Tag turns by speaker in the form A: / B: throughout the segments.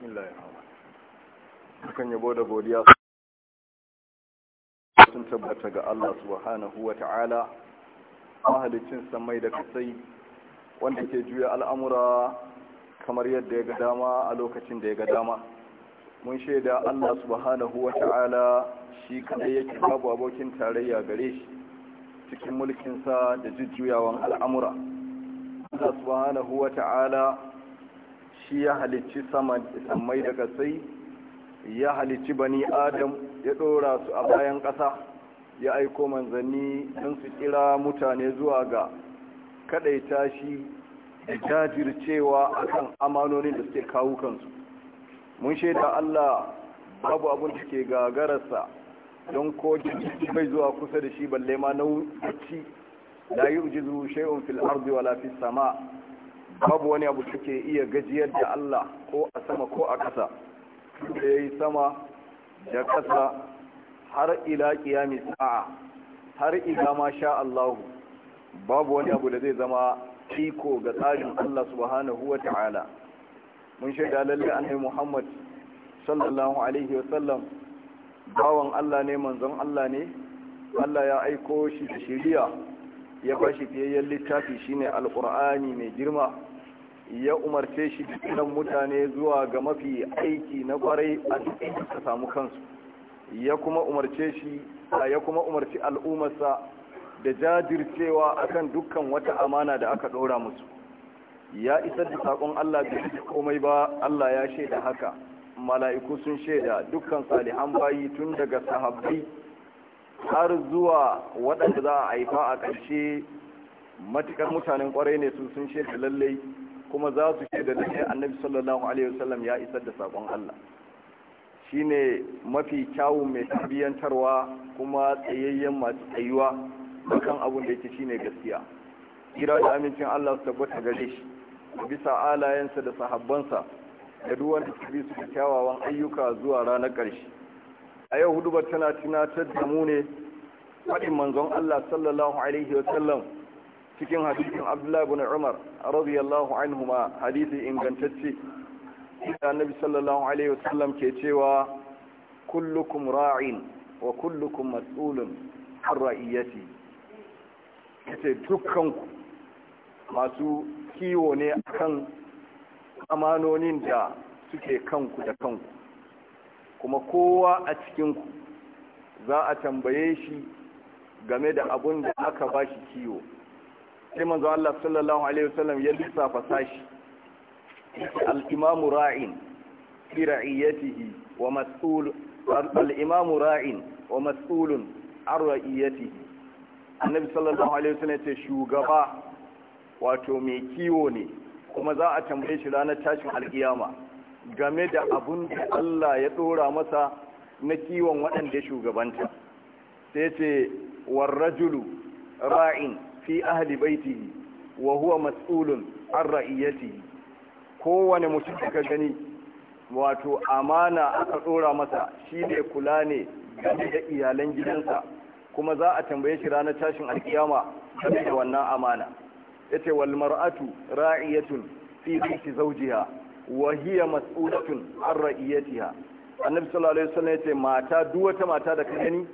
A: bismillahir yabo da godiya sun tabbata ga Allah subhanahu wata'ala mahalicin samai da kasai wanda ke juya al'amura kamar yadda ya ga dama a lokacin da ya ga dama mun shaida Allah subhanahu shi kadai yake babu abokin tarayya gare shi cikin mulkinsa da jujjuyawan al'amura Allah subhanahu shi ya halicci samai da sai ya halicci bani adam ya ɗora su a bayan ƙasa ya aiko manzanni don su kira mutane zuwa ga kaɗaita shi da jajircewa a kan amanonin da suke kawo kansu mun shaida Allah babu abin da ke gagararsa don ko bai zuwa kusa da shi balle ma da yi ujizu shay'un fil ardi wala fis sama' babu wani abu take iya gajiyar da Allah ko a sama ko a ƙasa da ya yi sama da ƙasa har ila ƙiyami sa'a har ila ma sha Allahu babu wani abu da zai zama iko ga tsarin Allah subhanahu wa ta'ala mun shaida lalle annabi Muhammad sallallahu alaihi wa sallam bawan Allah ne manzon Allah ne Allah ya aiko shi da shari'a ya ba shi fiyayyen littafi shine alkur'ani mai girma ya umarce shi dukkan mutane zuwa ga mafi aiki na kwarai a cikin ka samu kansu ya kuma umarce shi ya kuma umarci al'ummarsa da jajircewa akan dukkan wata amana da aka ɗora musu ya isa da saƙon Allah da shi komai ba Allah ya shaida haka mala'iku sun shaida dukkan salihan bayi tun daga sahabbai har zuwa waɗanda za a haifa a ƙarshe matuƙar mutanen ƙwarai ne su sun shaida lallai kuma za su da lallai annabi sallallahu alaihi wasallam ya isar da sakon Allah shine mafi kyawun mai tabbiyantarwa kuma tsayayyen masu tsayuwa kan abin da yake shine gaskiya kira da amincin Allah su tabbata gare shi bisa alayensa da sahabbansa da duk su bi su kyawawan ayyuka zuwa ranar ƙarshe a yau hudubar tana tunatar da mu ne faɗin manzon Allah sallallahu alaihi wa sallam cikin hadisin Abdullah ibn Umar radiyallahu anhuma hadisi ingantacce da Annabi sallallahu alaihi wa sallam ke cewa kullukum ra'in wa kullukum mas'ulun an ra'iyati yace ku masu kiwo ne akan amanonin da suke kanku da kanku kuma kowa a cikinku za a tambaye shi game da abun da aka ba shi kiwo sai manzo Allah sallallahu alaihi wasallam ya lissafa sashi al-imamu ra'in fi ra'iyatihi wa mas'ul al-imamu ra'in wa mas'ulun ar ra'iyatihi annabi sallallahu alaihi wasallam ce shugaba wato mai kiwo ne kuma za a tambaye shi ranar tashin alkiyama game da abun da Allah ya ɗora masa na kiwon waɗanda shugabanta sai ce warrajulu ra'in fi ahli baitihi wa huwa mas'ulun an ra'iyatihi kowane mutum da ka gani wato amana aka ɗora masa shi ne kula ne game da iyalan gidansa kuma za a tambaye shi ranar tashin alkiyama game da wannan amana yace wal mar'atu ra'iyatun fi baiti zawjiha wa hiya mas'ulatun an ra'iyatiha annabi sallallahu alaihi wasallam yace mata duk wata mata da kake ni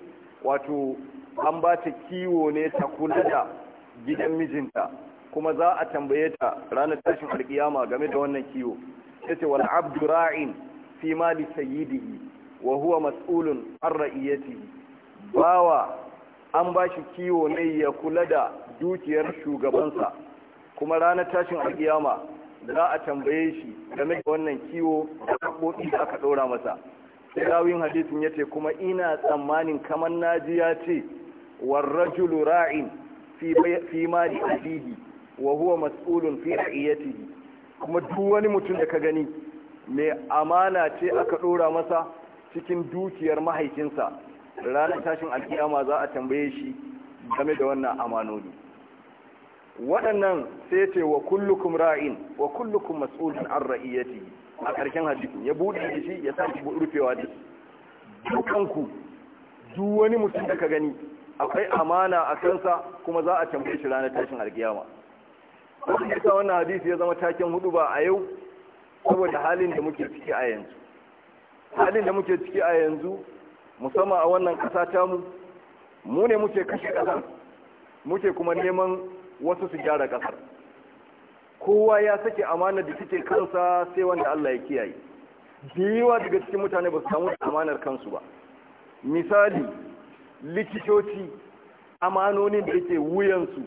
A: wato an ba ta kiwo ne ta kula da gidan mijinta kuma za a tambaye ta ranar tashin alkiyama game da wannan kiwo yace wal abdu ra'in fi mali sayyidihi wa huwa mas'ulun an ra'iyatihi bawa an ba shi kiwo ne ya kula da dukiyar shugabansa kuma ranar tashin alkiyama za a tambaye shi game da wannan kiwo da kaɓoɓi da aka ɗora masa sai rawin hadisin ya ce kuma ina tsammanin kamar najiya ya ce warrajulu ra'in fi mali abihi wa huwa mas'ulun fi ra'iyatihi kuma duk wani mutum da ka gani mai amana ce aka ɗora masa cikin dukiyar mahaifinsa ranar tashin alkiyama za a tambaye shi game da wannan amanoni waɗannan sai ce wa kullukum ra'in wa kullukum mas'ulun an ra'iyati a ƙarshen hadisi ya buɗe shi ya sake rufewa da shi dukanku duk wani mutum da ka gani akwai amana a kansa kuma za a tambaye shi ranar tashin alkiyama wasu yasa wannan hadisi ya zama taken hudu ba a yau saboda halin da muke ciki a yanzu halin da muke ciki a yanzu musamman a wannan ƙasa mu mu ne muke kashe ƙasa muke kuma neman wasu su gyara kasar kowa ya sake amana da suke kansa sai wanda Allah ya kiyaye biyuwa daga cikin mutane ba su samu amanar kansu ba misali likitoci amanonin da yake wuyansu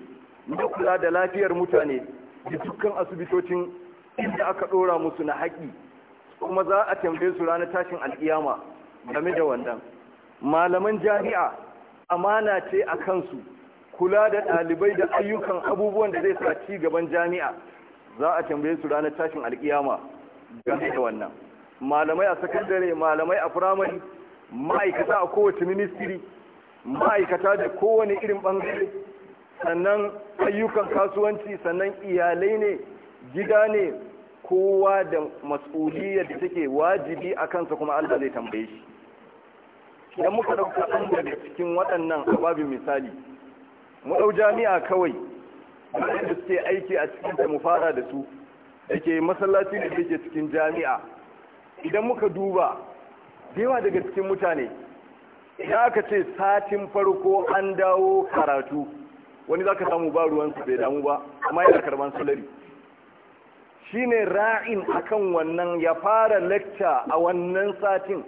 A: na kula da lafiyar mutane da dukkan asibitocin inda aka ɗora musu na haƙi kuma za a tambaye su ranar tashin al'iyama game da wandan. malaman jami'a amana ce a kansu kula da ɗalibai da ayyukan abubuwan da zai sa ci gaban jami'a za a tambaye su ranar tashin alkiyama game da wannan malamai a sakandare malamai a firamare ma'aikata a kowace ministiri ma'aikata da kowane irin bangare sannan ayyukan kasuwanci sannan iyalai ne gida ne kowa da mas'uliyar da take wajibi a kansa kuma allah zai tambaye shi idan muka ɗauka ɗan daga cikin waɗannan a ababin misali mu ɗau jami'a kawai da suke aiki a cikin da mu fara da su da ke masallacin da suke cikin jami'a idan muka duba yawa daga cikin mutane ya aka ce satin farko an dawo karatu wani za ka samu ba su bai damu ba amma yana karban salari shi ne ra'in akan wannan ya fara lakca a wannan satin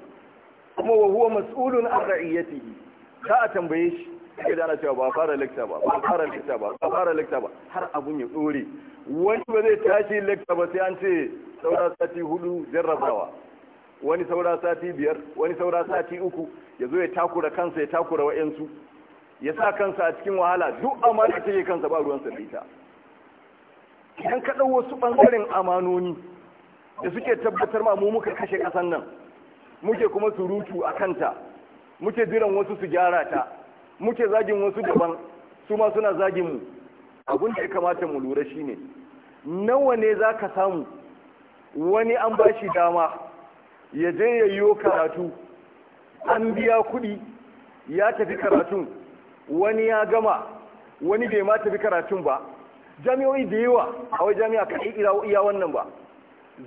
A: kuma wa huwa mas'ulun a ra'iyyatihi ta a tambaye shi sai da ana cewa ba fara lecture ba ba fara lecture ba ba fara lecture ba har abun ya dore wani ba zai tashi lecture ba sai an ce saura sati hudu jarrabawa wani saura sati biyar wani saura sati uku ya zo ya takura kansa ya takura wa'yansu ya sa kansa a cikin wahala duk amana ta yi kansa ba ruwan sa ita idan ka wasu ɓangaren amanoni da suke tabbatar ma mu muka kashe ƙasan nan muke kuma surutu a kanta muke jiran wasu su gyara ta muke zagin wasu daban su ma suna zagin mu abin da ya kamata mu lura shine nawa ne za ka samu wani an ba shi dama ya je ya yiwo karatu an biya kuɗi ya tafi karatun wani ya gama wani bai ma tafi karatun ba jami'o'i da yawa a wajen jami'a kan iya wannan ba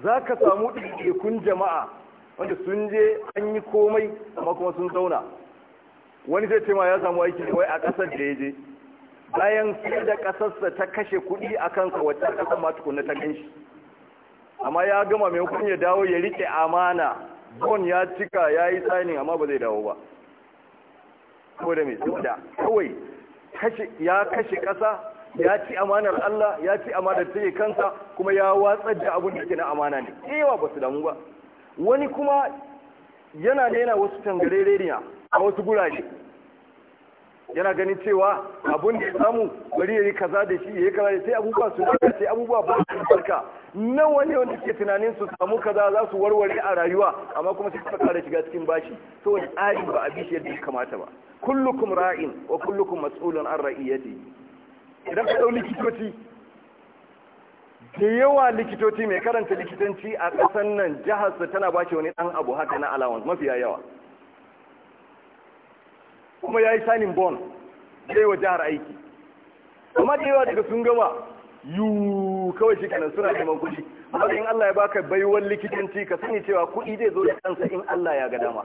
A: za ka samu ɗaiɗaikun jama'a wanda sun je an yi komai amma kuma sun zauna wani zai ce ma ya samu aiki ne wai a ƙasar da ya je bayan sai da ƙasarsa ta kashe kuɗi a kansa wacce ƙasar ma tukunna ta ganshi amma ya gama mai hukun ya dawo ya rike amana bon ya cika ya yi signing amma ba zai dawo ba da mai tsada kawai ya kashe ƙasa ya ci amanar Allah ya ci amanar take kansa kuma ya watsar da abin da ke na amana ne yawa ba su damu ba wani kuma yana nena wasu tangarere ne a wasu gurare yana ganin cewa abun da samu bari yayi kaza da shi ya yi kaza sai abubuwa su da sai abubuwa ba su barka Na wani wanda ke tunanin su samu kaza za su warware a rayuwa amma kuma sai suka kara shiga cikin bashi saboda tsari ba a bi shi yadda ya kamata ba kullukum ra'in wa kullukum mas'ulun an ra'iyati idan ka dauki likitoci da yawa likitoci mai karanta likitanci a ƙasar nan jihar tana bashi wani dan abu haka na allowance mafiya yawa kuma ya yi sanin bon zai wa jihar aiki amma da yawa daga sun gama yu kawai shi kanan suna neman kuɗi amma in Allah ya baka baiwar likitanci ka sani cewa kuɗi zai zo da kansa in Allah ya ga dama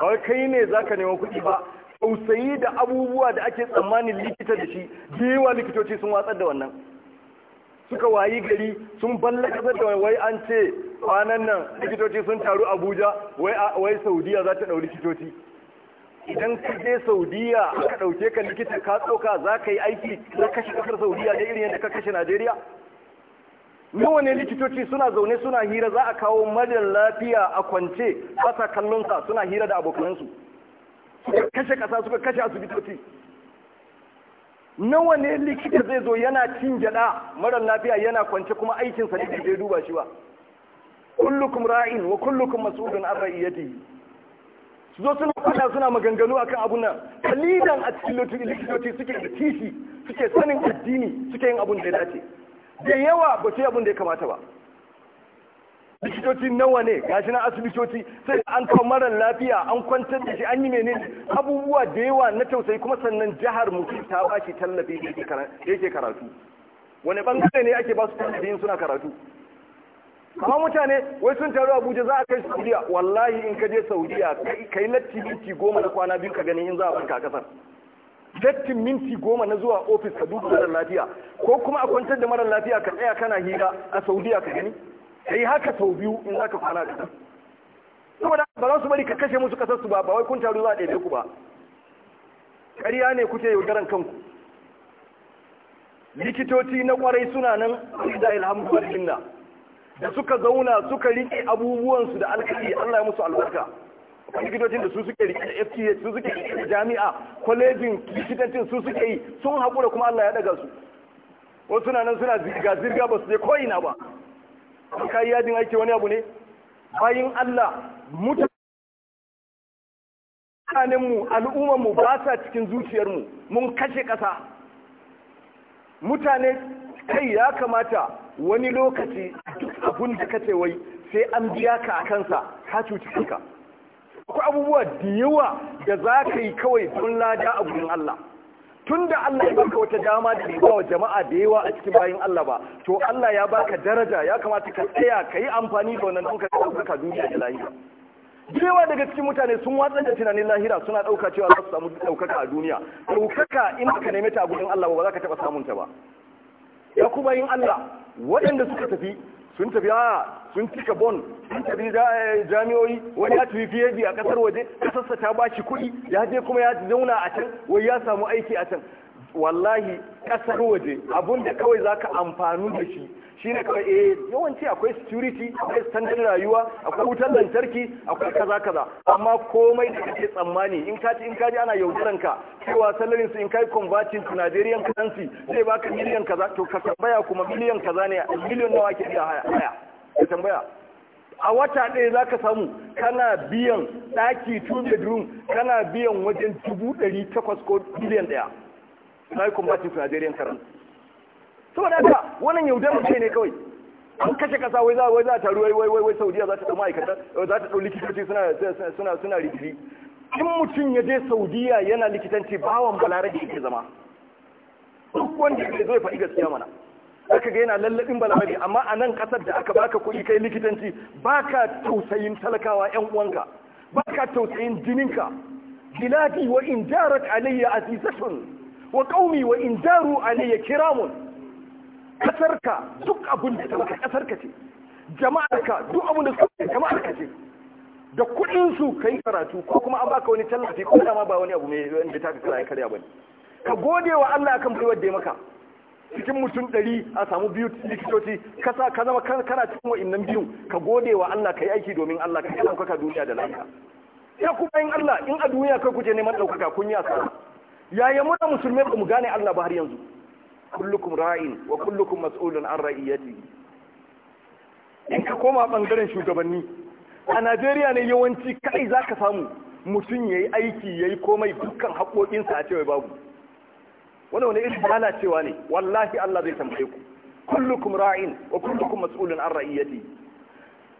A: Kawai kai ne za ka neman kuɗi ba tausayi da abubuwa da ake tsammanin likita da shi da yawa likitoci sun watsar da wannan suka wayi gari sun balla kasar da wai an ce kwanan nan likitoci sun taru abuja wai saudiya za ta ɗau likitoci idan ka je saudiya aka ɗauke ka likita ka tsoka za ka yi aiki na kashe ƙasar saudiya da irin yadda ka kashe najeriya nawa ne likitoci suna zaune suna hira za a kawo madar lafiya a kwance ƙasa kallonsa suna hira da abokansu? suka kashe ƙasa suka kashe asibitoci nawa ne likita zai zo yana cin gyaɗa marar lafiya yana kwance kuma aikinsa ne bai duba shi ba kullukum ra'in wa kullukum mas'ulun an ra'iyatihi su zo suna fada suna maganganu akan abun nan kalidan a cikin likitoci suke da suke sanin addini suke yin abun da ya dace da yawa ba su yi abun da ya kamata ba likitoci nawa ne gashi na asibitoci sai an kawo lafiya an kwantar da shi an yi mene abubuwa da yawa na tausayi kuma sannan jihar mu ta ba shi tallafi da yake karatu wani bangare ne ake ba su tallafi suna karatu amma mutane wai sun taru abuja za a kai saudiya wallahi in ka je saudiya kai latti minti goma na kwana biyu ka gani in za a barka a kasar dattin minti goma na zuwa ofis ka duba marar lafiya ko kuma a kwantar da marar lafiya ka tsaya kana hira a saudiya ka gani yi haka sau biyu in za ka kwana da saboda ba za su bari ka kashe musu kasar su ba ba wai kun taru za a ɗaiɗe ku ba ƙarya ne kuke yaudaran kanku likitoci na ƙwarai suna nan da ilhamdu alhinna da suka zauna suka rike abubuwansu da alkali Allah ya musu albarka likitocin da su suke rike da FTH su suke rike jami'a kwalejin likitocin su suke yi sun haƙura kuma Allah ya daga su wasu suna nan suna zirga zirga ba su je ko'ina ba kai yajin aiki wani abu ne bayin Allah mutanenmu al'ummar ba sa cikin zuciyar mu, mun kashe kasa mutane kai ya kamata wani lokaci abun da kace wai sai an biya ka a kansa ka cuci kanka akwai abubuwa da yawa da za ka yi kawai don lada a gurin Allah tun da Allah ya baka wata dama da ba wa jama'a da yawa a cikin bayan Allah ba to Allah ya baka daraja ya kamata ka tsaya ka yi amfani da wannan ɗaukar ɗaukaka duniya da lahira jewa daga cikin mutane sun watsar da tunanin lahira suna ɗauka cewa za su samu ɗaukaka a duniya ɗaukaka in ka neme ta a gurin Allah ba za ka taɓa samunta ba ya kuma yin Allah waɗanda suka tafi sun tafi a sun cika bon sun tafi eh, jami'oi wani ya tafi PhD a kasar waje kasarsa ta ba shi kuɗi ya je kuma ya zauna a can wai ya samu aiki a can wallahi kasar waje abinda kawai za ka amfanu da shi Shi ne kawai eh yawanci akwai security akwai standard rayuwa akwai wutar lantarki akwai kaza kaza amma komai da kake tsammani in ka ci in ka ji ana yaudaran ka cewa salarin su in kai converting to Nigerian currency zai baka miliyan kaza to ka tambaya kuma miliyan kaza ne miliyan nawa ke biya haya ka tambaya a wata ɗaya za ka samu kana biyan ɗaki two bedroom kana biyan wajen dubu ɗari takwas ko biliyan ɗaya na yi kumbatin su Nigerian currency saboda haka wannan yaudar ce ne kawai an kashe kasa wai za wai za ta ruwai wai wai Saudiya za ta dau ma'aikata za ta dau likitoci suna suna suna rigiri in mutum ya je Saudiya yana likitanci bawan balarabe yake zama duk wanda zai zo ya faɗi gaskiya mana aka ga yana lallabin balarabe amma a nan kasar da aka baka kuɗi kai likitanci baka tausayin talakawa yan uwanka baka tausayin jininka biladi wa in jarat alayya azizatun wa qaumi wa in jaru alayya kiramun kasarka duk abin da ta kasarka ce jama'arka duk abin da suka jama'arka ce da kuɗin su kai karatu ko kuma an baka wani tallafi ko dama ba wani abu mai wanda ta ka karaya karya bane ka gode wa Allah akan baiwar da ya maka cikin mutum ɗari a samu biyu likitoci kasa ka zama kana cikin wa'innan biyu ka gode wa Allah ka yi aiki domin Allah ka yi ɗaukaka duniya da lafiya ya kuma in Allah in a duniya kai kuje neman ɗaukaka kun yi asara yaya muna musulmai ba mu gane Allah ba har yanzu kullukum ra'in wa kullukum mas'ulun an ra'iyatihi in ka koma bangaren shugabanni a Najeriya ne yawanci kai zaka samu mutum yayi aiki yayi komai dukkan sa a cewa babu wani wani irin cewa ne wallahi Allah zai tambaye ku kullukum ra'in wa kullukum mas'ulun an ra'iyatihi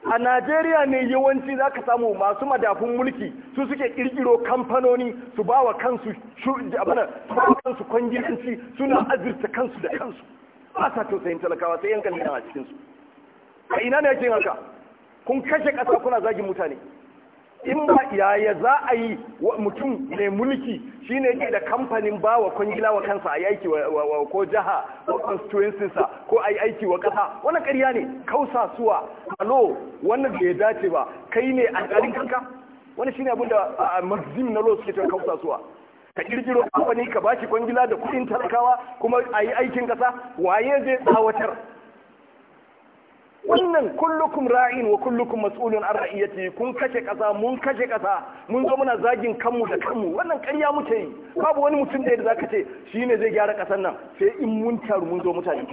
A: a najeriya ne yawanci za ka samu masu madafun mulki su suke kirkiro kamfanoni su ba wa kansu kansu kwangilanci suna azurta kansu da kansu ba sa tausayin talakawa sai yankan a cikinsu a ina ne yake haka kun kashe ƙasa kuna zagin mutane in ba yaya za a yi mutum mai mulki shine ne da kamfanin ba wa kwangila wa kansa a yi aiki wa ko jiha ko constituencinsa ko a yi aiki wa ƙasa wani ƙarya ne kausa suwa alo wannan bai dace ba kai ne a alƙalin kanka wani shine abin da mazim na lo suke cewa kausa suwa ka kirkiro kamfani ka shi kwangila da kuɗin talakawa kuma a yi aikin ƙasa waye zai tsawatar wannan kullukum ra'in wa kullukum mas'ulun an ra'iyati kun kashe kasa mun kashe kasa mun zo muna zagin kanmu da kanmu wannan ƙarya muke yi babu wani mutum da zaka ce shine zai gyara ƙasar nan sai in mun taru mun zo mutane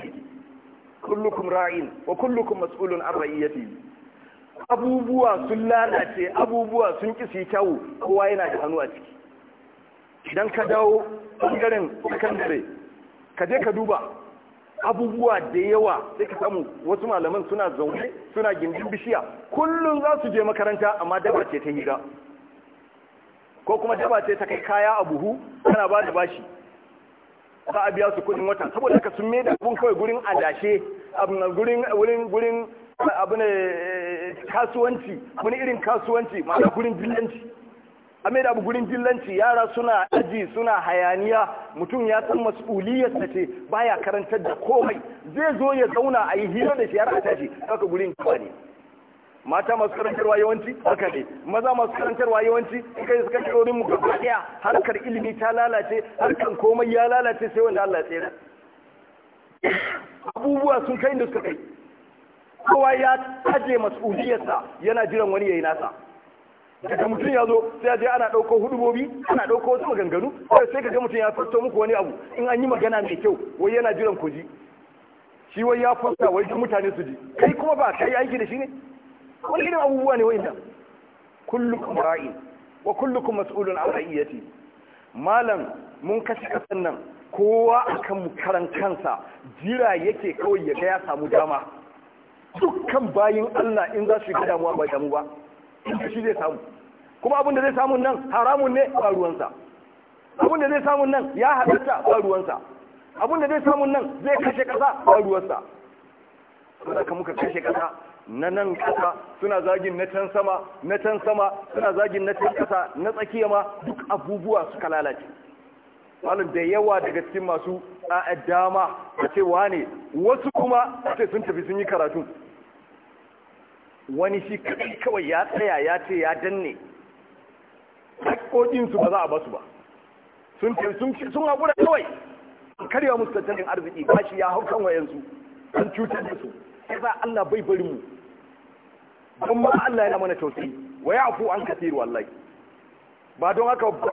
A: kullukum ra'in wa kullukum mas'ulun an ra'iyati abubuwa sun lalace abubuwa sun ki su kyau kowa yana da hannu a ciki idan ka dawo bangaren sakandare ka je ka duba abubuwa da yawa sai ka samu wasu malaman suna zaune suna gindin bishiya kullum za su je makaranta amma daba ce ta hira ko kuma daba ce ta kai kaya a buhu tana ba da bashi za a biya su kudin wata saboda ka sun da abun kawai gurin adashe gurin gurin abin eh, kasuwanci wani irin kasuwanci ma'ana gurin dillanci a mai da abu gurin dillanci yara suna aji suna hayaniya mutum ya san mas'uliyarsa ce baya karantar da komai zai zo ya zauna a yi hira da shi har a tashi haka gurin kawa ne mata masu karantarwa yawanci haka ne maza masu karantarwa yawanci kai suka kiro mu gaba daya harkar ilimi ta lalace harkar komai ya lalace sai wanda Allah ya abubuwa sun kai da suka kai kowa ya kaje mas'uliyarsa yana jiran wani yayi nasa daga mutum ya zo sai je ana ɗauko hudubobi ana ɗauko wasu maganganu sai ka ga mutum ya fasto muku wani abu in an yi magana mai kyau wai yana jiran ku ji shi wai ya fasta wai don mutane su ji kai kuma ba kai aiki da shi ne wani irin abubuwa ne wa'inda kullukum ra'in wa kullukum mas'ulun an ra'iyati malam mun kashe kasan nan kowa akan mu karan kansa jira yake kawai ya ga ya samu dama dukkan bayin Allah in za su yi damuwa ba damu ba inda shi zai samu kuma abin da zai samun nan haramun ne ba ruwansa abin da zai samun nan ya halatta ba ruwansa abin da zai samun nan zai kashe kasa ba ruwansa ka muka kashe kasa na nan kasa suna zagin na can sama na can sama suna zagin na can kasa na tsakiya ma duk abubuwa suka lalace malam da yawa daga cikin masu a dama a ce wane wasu kuma a ce sun tafi sun yi karatun wani shi kadai kawai ya tsaya ya ce ya danne haƙoƙinsu ba za a basu ba sun sun sun haƙura kawai karya musu tattalin arziki shi ya hau kan wayansu sun cutar da su sai za Allah bai bari mu don ma Allah yana mana tausayi wa ya afu an kasir wallahi ba don haka ba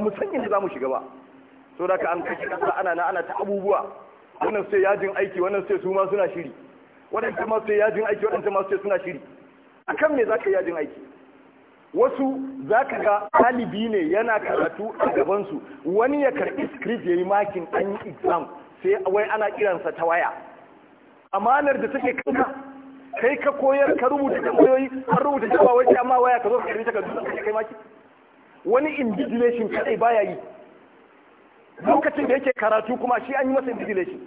A: mu san inda zamu shiga ba so da ka an kashe kasa ana na ana ta abubuwa wannan sai yajin aiki wannan sai su ma suna shiri waɗanda masu yajin aiki waɗanda masu suna shiri akan me za ka yi yajin aiki wasu za ka ga ɗalibi ne yana karatu a gabansu wani ya karɓi script ya yi makin an yi exam sai wai ana kiransa ta waya amanar da take kanka kai ka koyar ka rubuta koyoyi an rubuta cewa wai sai amma waya ka zo ka karbi takardu ka kai maki wani invigilation kadai baya yi lokacin da yake karatu kuma shi an yi masa invigilation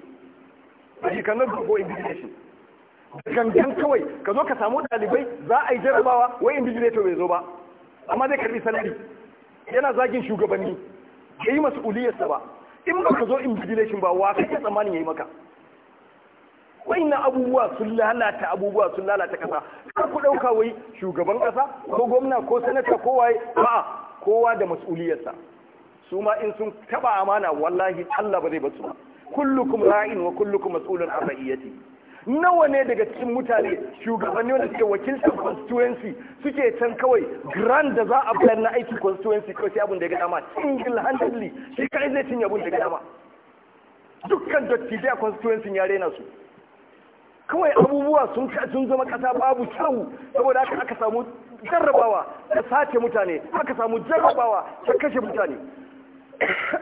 A: a shekarun go invigilation gangan kawai ka zo ka samu ɗalibai za a yi jarabawa wai invigilator bai zo ba amma zai karbi sanari yana zagin shugabanni ya yi mas'uliyarsa ba in ba ka zo invigilation ba wa kake tsammanin ya yi maka wayannan abubuwa sun lalata abubuwa sun lalata kasa kar ku ɗauka wai shugaban kasa ko gwamna ko sanata ko waye ba kowa da mas'uliyarsa su ma in sun taba amana wallahi Allah ba zai basu ba kullukum ra'in wa kullukum mas'ulun an ra'iyati nawa ne daga cikin mutane shugabanni wanda suke wakiltar constituency suke can kawai grand da za a bayar na aiki constituency kawai sai abin da ya ga dama single handedly shi kai zai cinye abin da ya ga dama dukkan dattijai a constituency ya rena su kawai abubuwa sun sun zama kasa babu kyau saboda haka aka samu jarrabawa ta sace mutane aka samu jarrabawa ta kashe mutane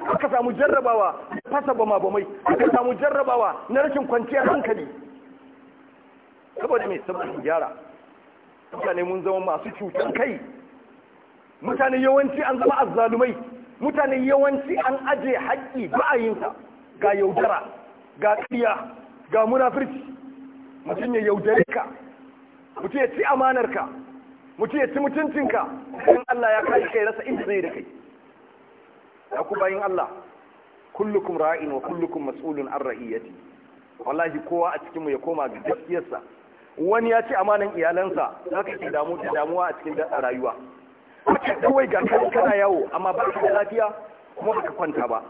A: aka samu jarrabawa fasa bama bamai aka samu jarrabawa na rashin kwanciyar hankali saboda mai saboda gyara mutane mun zama masu cutar kai mutane yawanci an zama azzalumai mutane yawanci an aje haƙƙi ba'ayinsa ga yaudara ga ƙiya ga munafirci mutum ya yaudare ka mutum ya ci amanarka mutum ya ci mutuncinka in Allah ya kai kai rasa inda zai da kai ya ku bayin Allah kullukum ra'in wa kullukum mas'ulun an ra'iyati wallahi kowa a cikinmu ya koma ga gaskiyarsa wani ya ci amanan iyalansa za ka ke da damuwa a cikin rayuwa kawai ga kai kana yawo amma ba ka lafiya kuma ba ka kwanta ba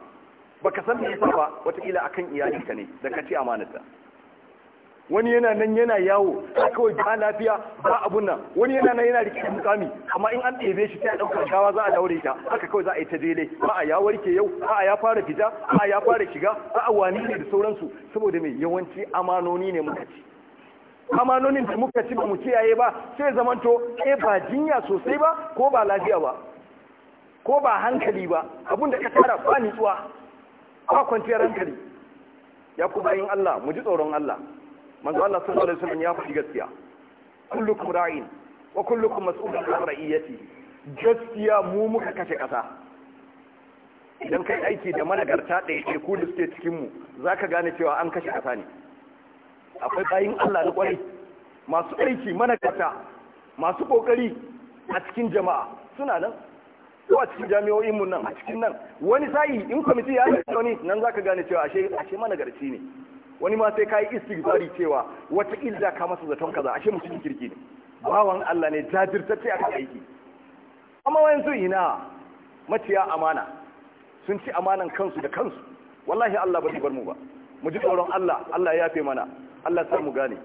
A: ba ka san me yasa ba a akan iyalinka ne da ka ci amanata wani yana nan yana yawo a kawai ba lafiya ba abun nan wani yana nan yana rike mukami amma in an ɗebe shi ta a ɗaukar gawa za a daure ta haka kawai za a yi ta jele ba a ya warke yau ba a ya fara fita ba a ya fara shiga ba a wani ne da sauransu saboda mai yawanci amanoni ne muka ci Kamanonin da muka ci ba mu kiyaye ba sai zamanto e ba jinya sosai ba ko ba lafiya ba ko ba hankali ba abinda ka tara ba nitsuwa ba kwanciyar hankali ya ku bayin Allah mu ji tsoron Allah manzo Allah sallallahu alaihi wasallam ya faɗi gaskiya kullukum ra'in wa kullukum mas'ulun an ra'iyati gaskiya mu muka kashe kasa idan kai aiki da managarta yake ku da suke cikin mu zaka gane cewa an kashe kasa ne akwai bayin Allah na kwarai masu aiki mana kata masu kokari a cikin jama'a suna nan ko a cikin jami'o'in nan a cikin nan wani sa'i in kwamiti ya ga wani nan zaka gane cewa ashe ashe garci ne wani ma sai kai istighfari cewa wata ilda ka masa zaton kaza ashe mutum kirki ne bawan Allah ne jajirtacce a aiki amma wayansu ina maciya amana sun ci amanan kansu da kansu wallahi Allah ba zai bar mu ba mu ji tsoron Allah Allah ya fe mana Allah sai mu gane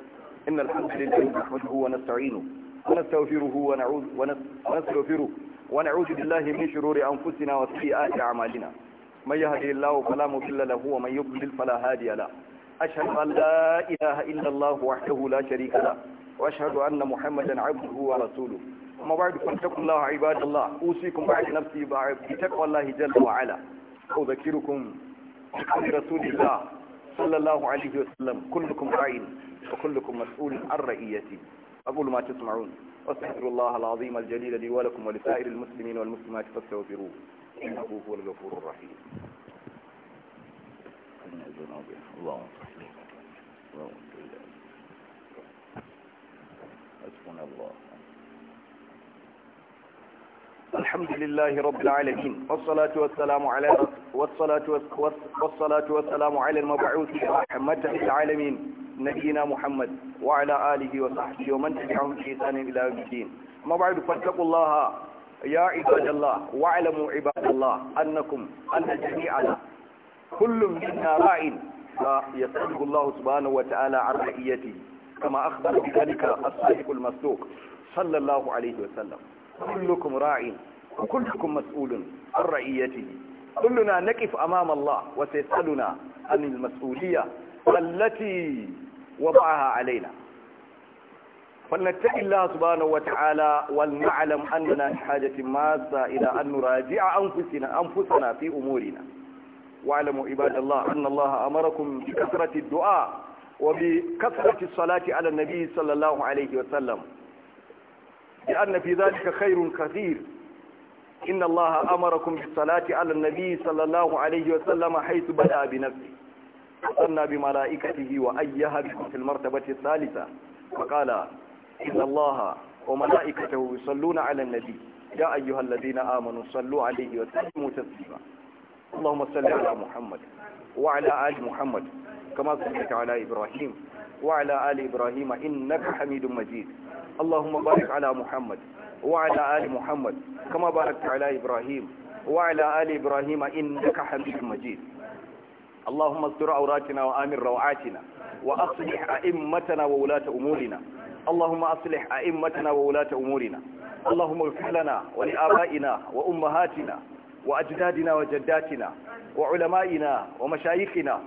A: innal hamdalillahi nahmaduhu wa nasta'inu wa nastaghfiruhu wa na'udhu wa nastaghfiru wa na'udhu billahi min shururi anfusina wa sayyiati a'malina may yahdihillahu fala mudilla lahu wa may yudlil fala hadiya la ashhadu an la ilaha illallah wahdahu la sharika la wa ashhadu anna muhammadan 'abduhu wa rasuluhu amma ba'du fattaqullaha 'ibadallah usikum bi nafsi ba'd bi taqwallahi jalla wa 'ala udhkirukum bi rasulillah صلى الله عليه وسلم كلكم عين وكلكم مسؤول عن رئيتي أقول ما تسمعون واستغفر الله العظيم الجليل لي ولكم ولسائر المسلمين والمسلمات فاستغفروه إنه هو الغفور الرحيم اللهم صل اللهم صل حسبنا الله الحمد لله رب العالمين والصلاة والسلام على والصلاة والصلاة والسلام على المبعوث رحمة للعالمين نبينا محمد وعلى آله وصحبه ومن تبعهم بإحسان إلى يوم الدين أما بعد فاتقوا الله يا عباد الله واعلموا عباد الله أنكم أن جميعنا كل منا راع يسأله الله سبحانه وتعالى عن رعيته كما أخبر بذلك الصادق المصدوق صلى الله عليه وسلم كلكم راع وكلكم مسؤول عن رعيته كلنا نقف أمام الله وسيسألنا عن المسؤولية التي وضعها علينا فلنتقي الله سبحانه وتعالى ولنعلم أننا بحاجة ماسة إلى أن نراجع أنفسنا أنفسنا في أمورنا واعلموا عباد الله أن الله أمركم بكثرة الدعاء وبكثرة الصلاة على النبي صلى الله عليه وسلم لأن في ذلك خير كثير inna Allah amarakum bi salati ala nabi sallallahu alaihi wa sallama haitu bada bi nafsi sanna bi wa ayyaha bi fil martabati salisa wa qala inna Allah wa mala'ikatahu yusalluna ala nabi ya ayyuha alladhina amanu sallu alaihi wa sallimu taslima اللهم صل على محمد وعلى ال محمد كما صليت على ابراهيم وعلى آل إبراهيم إنك حميد مجيد اللهم بارك على محمد وعلى آل محمد كما باركت على إبراهيم وعلى آل إبراهيم إنك حميد مجيد اللهم استر عوراتنا وآمن روعاتنا وأصلح أئمتنا وولاة أمورنا اللهم أصلح أئمتنا وولاة أمورنا اللهم اغفر لنا ولآبائنا وأمهاتنا وأجدادنا وجداتنا وعلمائنا ومشايخنا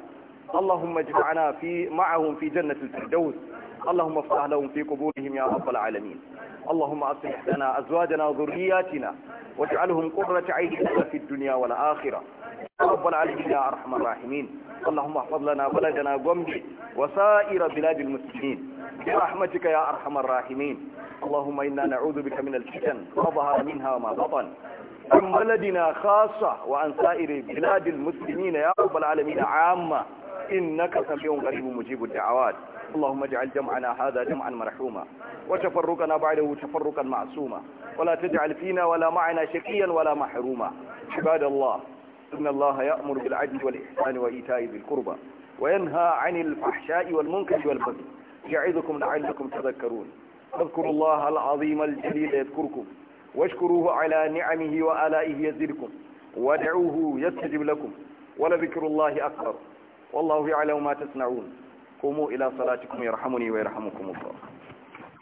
A: اللهم اجمعنا في معهم في جنة الفردوس اللهم افتح لهم في قبورهم يا رب العالمين اللهم أصلح لنا أزواجنا وذرياتنا واجعلهم قرة عين لنا في الدنيا والآخرة رب العالمين يا أرحم الراحمين اللهم احفظ لنا بلدنا قمبي وسائر بلاد المسلمين برحمتك يا أرحم الراحمين اللهم إنا نعوذ بك من الفتن وظهر منها وما بطن عن بلدنا خاصة وعن سائر بلاد المسلمين يا رب العالمين عامة إنك سميع قريب مجيب الدعوات اللهم اجعل جمعنا هذا جمعا مرحوما وتفرقنا بعده تفرقا معصوما ولا تجعل فينا ولا معنا شقيا ولا محروما عباد الله إن الله يأمر بالعدل والإحسان وإيتاء ذي القربى وينهى عن الفحشاء والمنكر والبغي يعظكم لعلكم تذكرون اذكروا الله العظيم الجليل يذكركم واشكروه على نعمه وآلائه يزدكم ودعوه يستجب لكم ولذكر الله أكبر wallahu ya'lamu ma tasna'un kumu ila salatikum yarhamuni wa yarhamukum Allah